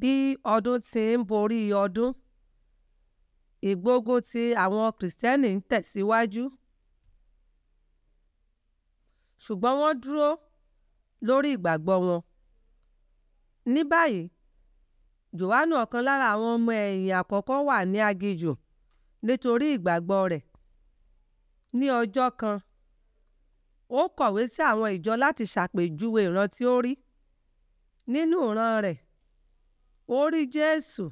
bí ọdún ti ń borí ọdún ìgbógun ti àwọn kìrìsìtẹ́nì ń tẹ̀síwájú ṣùgbọ́n wọ́n dúró lórí ìgbàgbọ́ wọn. ní báyìí jòhánù ọ̀kan lára àwọn ọmọ ẹ̀yìn àkọ́kọ́ wà ní aginjù nítorí ìgbàgbọ́ rẹ̀ ní ọjọ́ kan ó kọ̀wé sí àwọn ìjọ láti ṣàpèjúwe ìran tí ó rí nínú ìran rẹ̀ ó rí Jésù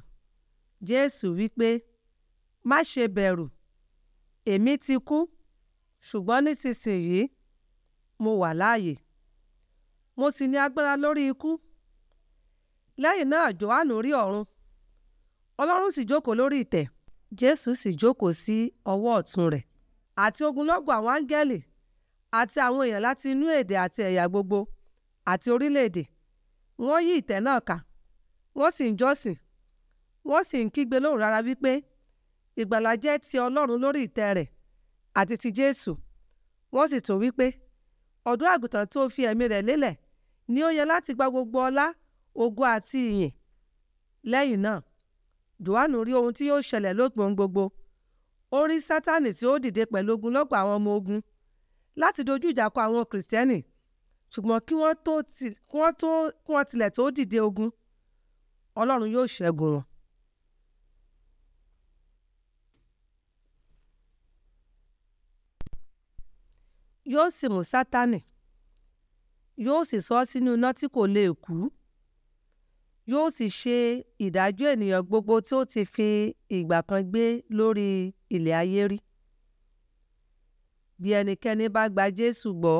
Jésù wí pé má ṣe bẹ̀rù èmi ti kú ṣùgbọ́n nísinsìnyí mo wà láàyè mo sì ní agbára lórí ikú lẹ́yìn náà Jòhánù rí ọ̀run Ọlọ́run sì jókòó lórí ìtẹ́ Jésù sì jókòó sí ọwọ́ ọ̀tún rẹ̀ àti ogunlọ́gọ̀ àwọn áńgẹ́lì àti àwọn èèyàn láti inú èdè àti ẹ̀yà gbogbo àti orílẹ̀-èdè wọ́n yí ìtẹ́ náà ká wọ́n sì ń jọ́sìn wọ́n sì ń kígbe lóhùn rárá wípé ìgbàlà jẹ́ ti ọlọ́run lórí ìtẹ́ rẹ̀ àti ti jésù wọ́n sì tún wípé ọ̀dọ́ àgùntàn tó fi ẹ̀mí rẹ̀ lélẹ̀ ni ó yẹ láti gba gbogbo ọlá ògo àti ìyìn lẹ́yìn náà jòhánù rí ohun tí yóò ṣẹlẹ̀ lópin gbogbo ó rí sátánì tí ó dìde pẹ̀lú ogunlọ́gọ̀ àwọn ọmọ ogun láti dojú ìjà kọ àwọn kìrìsìtẹ́nì ṣùgbọ́n kí wọ́n tó tilẹ̀ tó dìde ogun ọlọ́run yóò ṣẹ́gun wọn. yóò sì mú sátánì yóò sì sọ ọ́ sínú iná tí kò lè kú yóò sì ṣe ìdájọ́ ènìyàn gbogbo tí ó ti fi ìgbà kan gbé lórí ilẹ̀ ayé rí bí ẹnikẹ́ni bá gba jésù gbọ́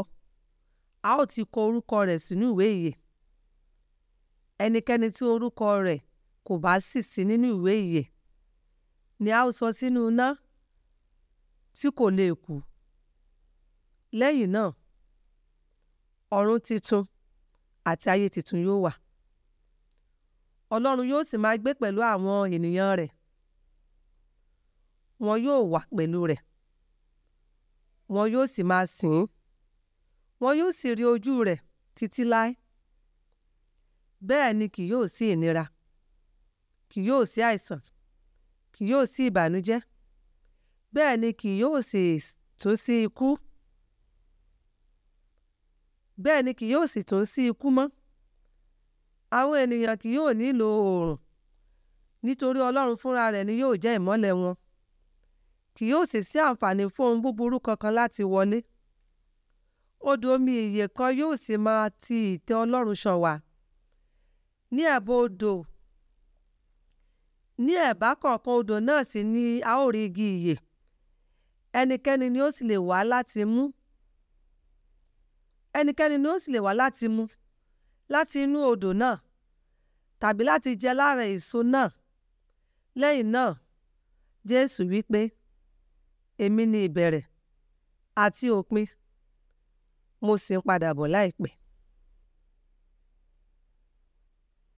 a ó ti kọ orúkọ rẹ̀ sínú ìwé ìyè ẹnikẹ́ni tí orúkọ rẹ̀ kò bá sì sí nínú ìwé ìyè ni a ó sọ sínú iná tí kò lè kú. Lẹ́yìn náà, ọ̀run titun àti ayé titun yóò wà. Ọlọ́run yóò sì máa gbé pẹ̀lú àwọn ènìyàn rẹ̀. Wọn yóò wà pẹ̀lú rẹ̀. Wọn yóò sì máa sìn ín. Wọn yóò sì rí ojú rẹ̀ títí láé bẹ́ẹ̀ ni kì yóò sí ìnira kì yóò sí àìsàn kì yóò sí ìbànújẹ́ bẹ́ẹ̀ ni kì yóò sì tún sí ikú bẹ́ẹ̀ ni kì yóò sì tún sí ikú mọ́ àwọn ènìyàn kì yóò nílò oòrùn nítorí ọlọ́run fúnra rẹ̀ ni yóò jẹ́ ìmọ́lẹ̀ wọn kì yóò sì sí àǹfààní fún ohun búburú kankan láti wọlé odò omi ìyè kan yóò sì máa ti ìtẹ́ ọlọ́run ṣàn ní ẹ̀bá odò ní ẹ̀bá kọ̀ọ̀kan odò náà sì ni a ó rí igi ìyè ẹnikẹ́ni ni ó sì lè wá láti mú ẹnikẹ́ni ni ó sì lè wá láti mú láti inú odò náà tàbí láti jẹ lára èso náà lẹ́yìn náà Jésù wí èmi ni ìbẹ̀rẹ̀ àti òpin mo sì ń padà bọ̀ láìpẹ́.